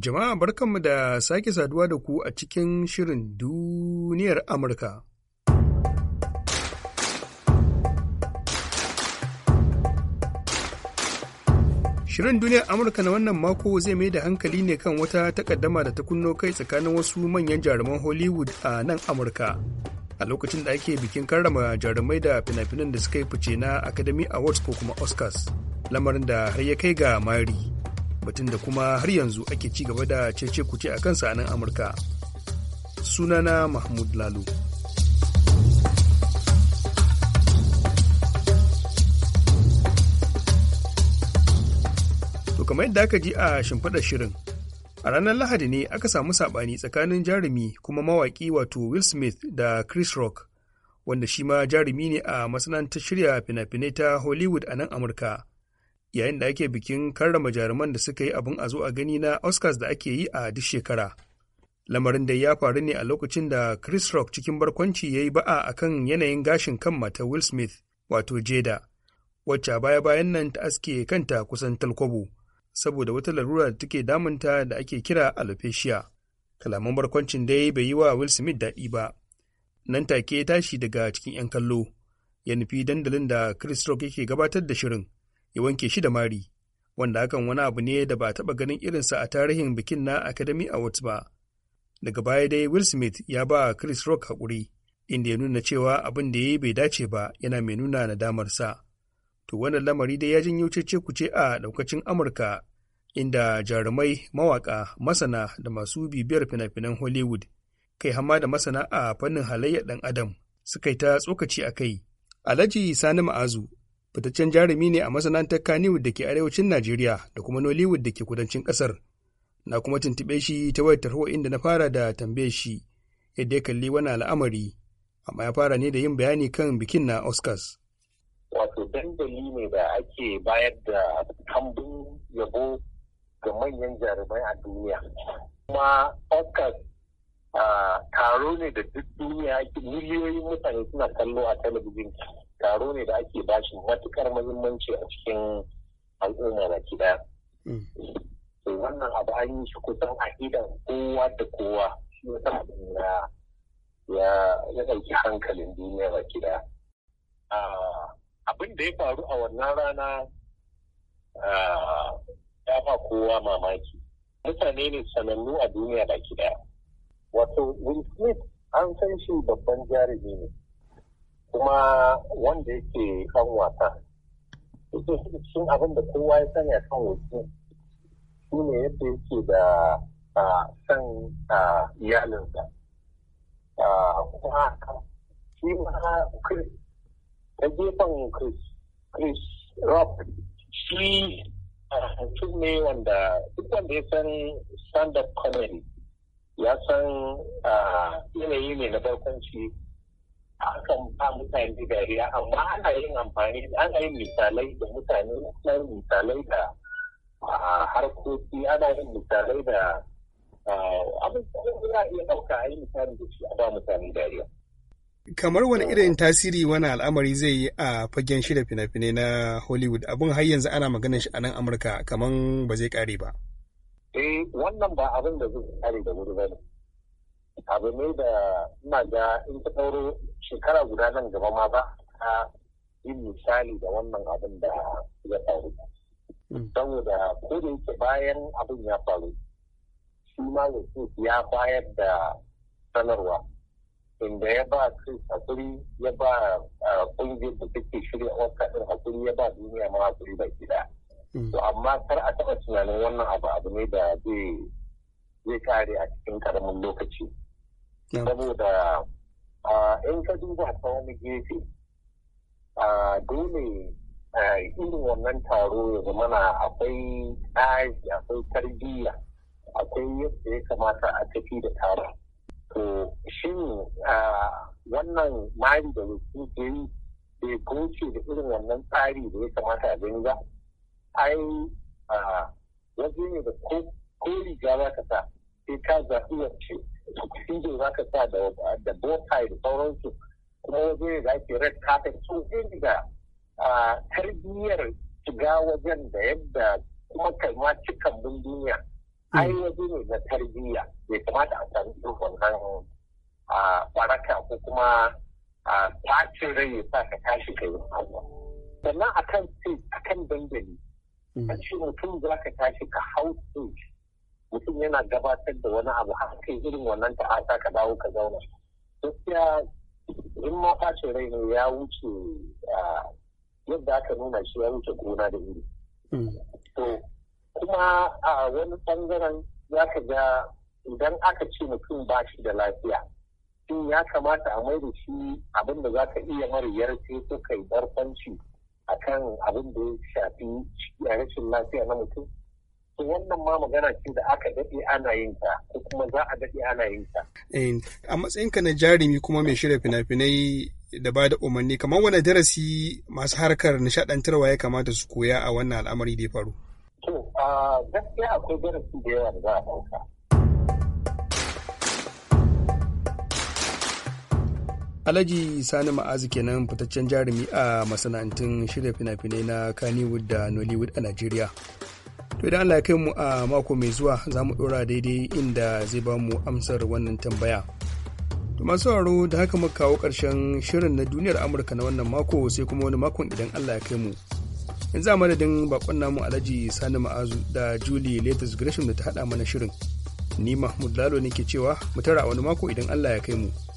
Jama'a barkanmu da sake saduwa da ku a cikin shirin duniyar Amurka. Shirin duniyar Amurka na wannan mako zai mai da hankali ne kan wata takaddama da ta kunno kai tsakanin wasu manyan jaruman Hollywood a nan Amurka. A lokacin da ake bikin karrama jarumai da fina-finan da suka yi fice na Academy Awards ko kuma Oscars, lamarin da har ya kai ga mari. batun da kuma har yanzu ake ci gaba da cece kuce a kansa a nan amurka sunana mahmud lalu to kamar yadda aka ji a shimfiɗar shirin a ranar lahadi ne aka samu saɓani tsakanin jarumi kuma mawaƙi wato will smith da chris rock wanda shi ma jarumi ne a masana'antar shirya fina-finai ta hollywood a nan amurka yayin da ake bikin karrama jaruman da suka yi abin a zo a gani na Oscars da ake yi a duk shekara. Lamarin da ya faru ne a lokacin da Chris Rock cikin barkwanci ya yi ba'a a kan yanayin gashin kan mata Will Smith, wato Jada, wacce baya-bayan nan ta aske kanta kusan talkwabo, saboda wata larura da take damunta da ake kira alopecia. Kalaman barkwancin dai bai yi wa Will Smith daɗi ba. Nan take tashi daga cikin 'yan kallo, ya nufi dandalin da Chris Rock yake gabatar da shirin. ya wanke shi da mari wanda hakan wani abu ne da ba taɓa ganin irinsa a tarihin bikin na Academy Awards ba. Daga baya dai Will Smith ya ba Chris Rock haƙuri inda ya nuna cewa abin da ya yi bai dace ba yana mai nuna sa. To wannan lamari dai ya janyo cece kuce a ɗaukacin Amurka inda jarumai, mawaƙa, masana da masu bibiyar fina-finan Hollywood kai hama da masana a fannin halayyar ɗan Adam suka yi ta tsokaci a kai. Alhaji Sani Ma'azu fitaccen jarumi ne a masana'antar kaniwood da ke arewacin Najeriya da kuma Nollywood da ke kudancin Kasar, Na kuma tuntuɓe shi ta wayar tarho inda na fara da tambaye shi yadda ya kalli wani al'amari, amma ya fara ne da yin bayani kan bikin na Oscars. Wato dandali ne da ake bayar da kambun yabo ga manyan jarumai a duniya. Kuma Oscars ah, taro ne da duk duniya miliyoyin mutane suna kallo a talabijin taro ne da ake bashi matukar muhimmanci a cikin al'umma na gida. Mm. wannan abu an yi shi kusan a idan kowa da kowa shi ya ya ɗauki hankalin duniya ba gida. Ah, abin da ya faru a wannan rana ah, ya ba kowa mamaki. Mutane ne sanannu a duniya baki gida. Wato, Will Smith an san shi babban jarumi ne. kuma wanda yake kan wasa yake cikin abin da kowa ya sani a kan wasu shi ne yadda yake da san iyalinsa kuma shi ma chris ta gefen chris chris rock shi mutum ne wanda duk wanda ya san stand-up comedy ya san yanayi ne na barkwanci akan ba mutane dariya amma ana yin amfani ana yin misalai da mutane ana yin misalai da harkoki ana yin misalai da abubuwan iya ɗauka a yi misali da shi a ba mutane dariya. Kamar wani irin tasiri wani al'amari zai yi a fagen shida fina-finai na Hollywood abin har yanzu ana maganin shi a nan Amurka kamar ba zai kare ba. Eh wannan ba abin da zai kare da wuri ba ne. abu ne da ina ga in ta ɗauro shekara guda nan gaba ma ba a yi misali da wannan abin da ya faru. Mm. Saboda ko da yake bayan abin ya faru, shi ma ya bayar da sanarwa. Inda ya ba Chris hakuri ya ba ƙungiyar da take shirya wata ɗin hakuri ya ba duniya ma hakuri ba gida. Mm. To amma kar a taɓa tunanin wannan abu abu ne da zai kare a cikin ƙaramin lokaci. saboda in ka duba ta wani gefe dole irin wannan taro ya zama na akwai tsari akwai tarbiyya akwai yadda ya kamata a tafi da taron to shi wannan mari da wasu yi bai kauce da irin wannan tsari da ya kamata a gani ba ai waje ne da ko riga za ka sa sai ka zaɓi wacce cizo za ka sa da bokai da sauransu kuma waje za ki red carpet so zai da tarbiyyar shiga wajen da yadda kuma kalma cikan bin duniya hmm. ai waje ne na tarbiyya bai kamata a sami irin wannan baraka ko kuma tashin rai ya sa ka tashi ka yi sannan akan kan akan dandali hmm. a cikin mutum za ka tashi ka hau stage mutum yana gabatar da wani abu har kai irin wannan asa ka dawo ka zauna gaskiya in ma face rai ne ya wuce yadda aka nuna shi ya wuce gona da iri hmm. to kuma a wani bangaren za ka ga idan aka ce mutum ba shi da lafiya shin ya kamata a mai da shi abin da za ka iya mara sai ko kai barkwanci akan abin da ya shafi rashin lafiya na mutum to wannan ma magana ce da aka daɗe ana yin ta ko kuma za a daɗe ana yin ta. a matsayinka na jarumi kuma mai shirya fina-finai da ba da umarni kamar wani darasi masu harkar nishaɗantarwa ya kamata su koya a wannan al'amari da ya faru. to gaskiya akwai darasi da yawa da za a ɗauka. Alhaji Sani Ma'azu kenan fitaccen jarumi a masana'antun shirya fina-finai na Kannywood da Nollywood a Najeriya. to idan Allah ya kai mu a mako mai zuwa za mu ɗora daidai inda zai ba mu amsar wannan tambaya to masu sauraro da haka muka kawo ƙarshen shirin na duniyar amurka na wannan mako sai kuma wani makon idan Allah ya kai mu yanzu a madadin bakon namu alhaji sani ma'azu da Juli, latest gresham da ta haɗa mana shirin ni mahmud lalo ne ke cewa mu tara a wani mako idan Allah ya kai mu